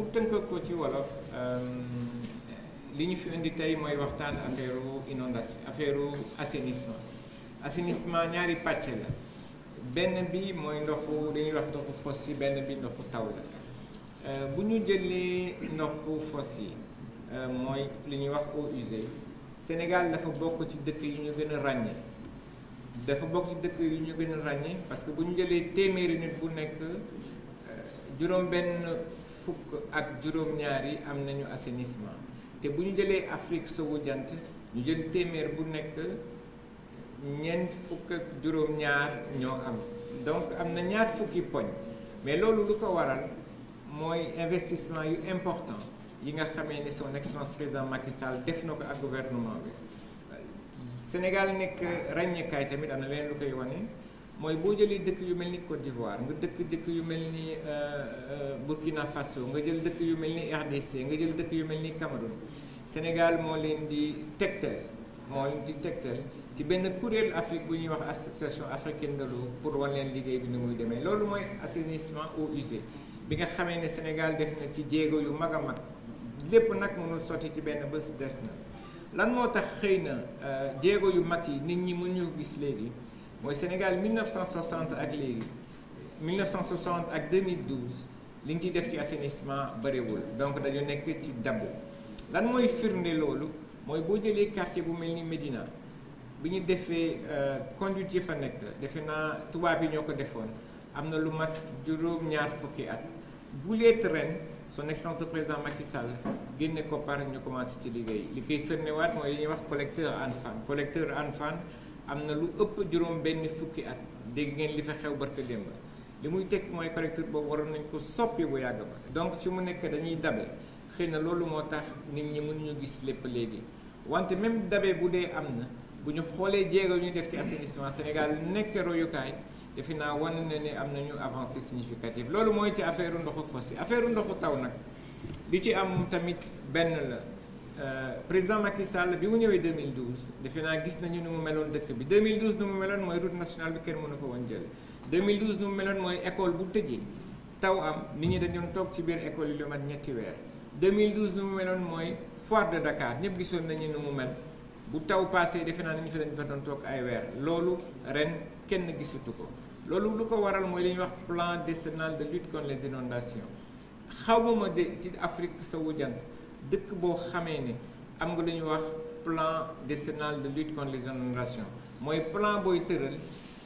pour tënk ko ci wolof li ñu fi indi tey mooy waxtaan affaire inondation affaire assainissement assainissement ñaari pàcc la benn bi mooy ndoxu ñuy wax ndoxu fosse yi benn bi ndoxu taw la eh, bu ñu jëlee ndoxu fosse yi eh, mooy li ñuy wax eaux usées Sénégal dafa bokk ci dëkk yu ñu gën a ràññee dafa bokk ci dëkk yu ñu gën ràññee parce que bu ñu jëlee téeméeri nit bu nekk eh, juróom benn fukk ak juróom-ñaar yi am nañu assainissement te bu ñu jëlee Afrique sowu jant ñu jël téeméer bu nekk ñeent fukk ak juróom-ñaar ñoo am donc am na ñaar fukki poñ mais loolu lu ko waral mooy investissement yu important yi nga xamee ni son excellence président Macky Sall def na ko ak guvernement bi Sénégal nekk ràññekaay tamit am na leen lu koy wane. mooy boo jëlee dëkk yu mel ni Côte d'Ivoire nga dëkk dëkk yu mel ni euh, euh, Burkina Faso nga jël dëkk yu mel ni RDC nga jël dëkk yu mel ni Cameroun Sénégal moo leen di tegtal moo leen di tegtal ci benn kuréel Afrique bu ñuy wax association africaine de l'eau pour wan leen liggéey bi ni muy demee loolu mooy assainissement eau usée bi nga xamee ne Sénégal def na ci jéego yu mag a mag lépp nag mënul sotti ci benn bés des na lan moo tax xëy na euh, jéego yu mag yi nit ñi mënuñu gis léegi. mooy Sénégal 1960 ak léegi 1960 ak 2012 li ñu ciy def ci assainissement bëriwul donc dañu nekk ci dabb lan mooy firnde loolu mooy boo jëlee quartier bu mel ni Médina bi ñu defee euh, conduite yi fa nekk defe naa tubaab yi ñoo ko defoon am na lu mat juróom-ñaar fukki at guleet ren son excellence le président Macky Sall génne ko par ñu commencé ci liggéey li koy firndewaat mooy li ñuy wax collecteur Hann Fann collecteur Hann Fann am na lu ëpp juróom benn fukki at dégg ngeen li fa xew barka démb li muy tekki mooy collecteur boobu waroon nañ ko soppi bu yàgg ba donc fi mu nekk dañuy dabe xëy na loolu moo tax nit ñi mënuñu gis lépp léegi wante même dabe bu dee am na bu ñu xoolee jéego ñu def ci assainissement Sénégal nekk royukaay defe naa wan na ne am nañu avancée significative loolu mooy ci affaire ndoxu fos yi affaire ndoxu taw nag li ci am tamit benn la euh, président Macky Sall bi mu ñëwee 2012 defe naa gis nañu ni mu meloon dëkk bi 2012 ni mu meloon mooy route nationale bi kenn mënu ko woon jël 2012 ni mu meloon mooy école bu tëjee taw am ni ñi dañu doon toog ci biir école yi lu mat ñetti weer 2012 ni mu meloon mooy foire de Dakar ñëpp gisoon nañu ni mu mel bu taw passé defe naa ni ñu fi dañu fa doon toog ay weer loolu ren kenn gisutu ko loolu lu ko waral mooy li ñuy wax plan décennal de lutte contre les inondations xaw ma ma de ci Afrique sowu jant dëkk boo xamee ne. am nga lu ñuy wax plan décennal de lutte contre les inondations mooy plan booy tëral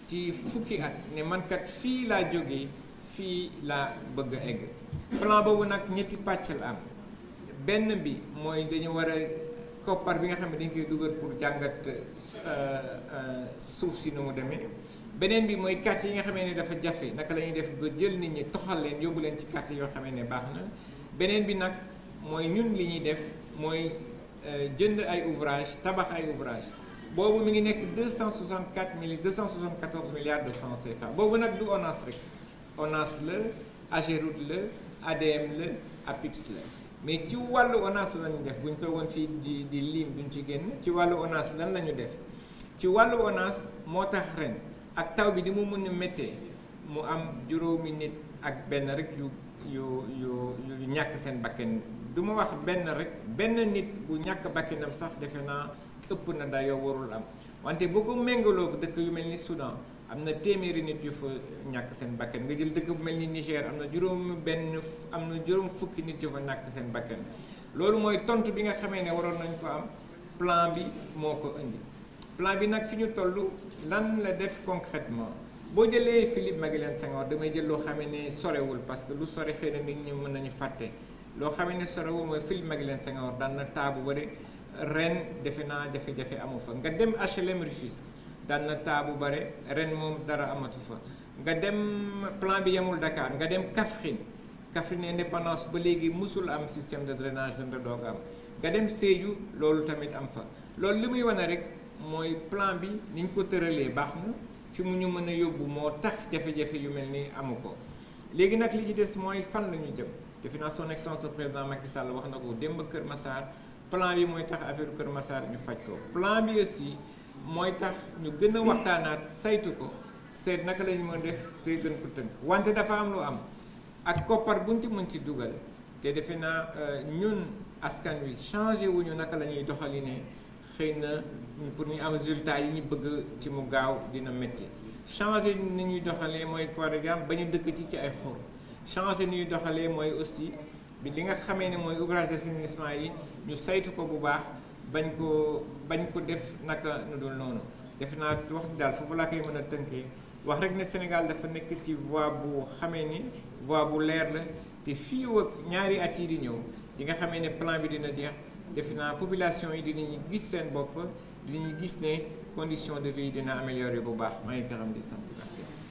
ci fukki at ne man kat fii laa jóge fii laa bëgg a egg plan boobu nag ñetti pàcc la am benn bi mooy dañu war a koppar bi nga xam ne dañ koy dugal pour jàngat euh, euh, suuf si nu mu demee beneen bi mooy quartier yi nga xamee ne dafa jafe naka la ñuy def ba jël nit ñi toxal leen yóbbu leen ci quartier yoo xamee ne baax na beneen bi nag mooy ñun li ñuy def mooy Euh, jënd ay ouvrage tabax ay ouvrage boobu mu ngi nekk 264 mille 274 milliards de francs CFA boobu nag du ONAS rek ONAS la AGEROUTE la ADM la APIX la mais ci wàllu ONAS lañu def bu ñu toogoon fii di di lim duñ ci génn ci wàllu ONAS lan la ñu def ci wàllu ONAS moo tax ren ak taw bi di mu mën a méttee mu am juróomi nit ak benn rek yu yu yu ñàkk seen bakken du ma wax benn rek benn nit bu ñàkk bakkinam sax defe naa ëpp na dayoo warul am wante boo ko méngaloo dëkk yu mel ni Soudan am na téeméeri nit yu fa ñàkk seen bakkan nga jël dëkk bu mel ni Niger am na juróom benn am na juróom fukki nit yu fa ñàkk seen bakkan loolu mooy tontu bi nga xamee ne waroon nañ ko am plan bi moo ko indi plan bi nag fi ñu toll lan la def concretement boo jëlee Philippe Maguilène Senghor damay jël loo xamee ne sorewul parce que lu sore xëy nit ñi mën nañu fàtte loo xamee ne sorowu mooy fil Maguilène Senghor daan na taa bu bëri ren defe naa jafe-jafe amu fa nga dem HLM Rufisque daan na taa bu bëri ren moom dara amatu fa nga dem plan bi yemul Dakar nga dem Kaffrine Kaffrine indépendance ba léegi musul am système de drainage dana doog am nga dem Sédhiou loolu tamit am fa loolu li muy wane rek mooy plan bi ni ko tëralee baax mu fi mu ñu mën a yóbbu moo tax jafe-jafe yu mel ni amu ko léegi nag li ci des mooy fan la ñu jëm defe naa son excellence président Macky Sall wax na ko démb Kër Massar plan bi mooy tax affaire Kër Massar ñu faj ko plan bi aussi mooy tax ñu gën a waxtaanaat saytu ko seet naka la ñu def te gën ko tënk wante dafa am lu am ak koppar buñ ci mën ci dugal te defe naa euh, ñun askan wi changé wuñu naka la ñuy doxalinee xëy na pour ñu am résultat yi ñu bëgg ci mu gaaw dina métti changé ni ñuy doxalee mooy par exemple ba ñu dëkk ci ci ay xur changé ni ñuy mooy aussi bi li nga xamee ne mooy ouvrage d'assainissement yi ñu saytu ko bu baax bañ ko bañ ko def naka nu dul noonu def naa wax daal foofu laa koy mën a tënkee wax rek ne Sénégal dafa nekk ci voie bu xamee ni voie bu leer la te fii ak ñaari at yi di ñëw di nga xamee ne plan bi dina jeex defe naa population yi dina gis seen bopp dinañu gis ne condition de vie dina amélioré bu baax maa ngi gërëm di sant merci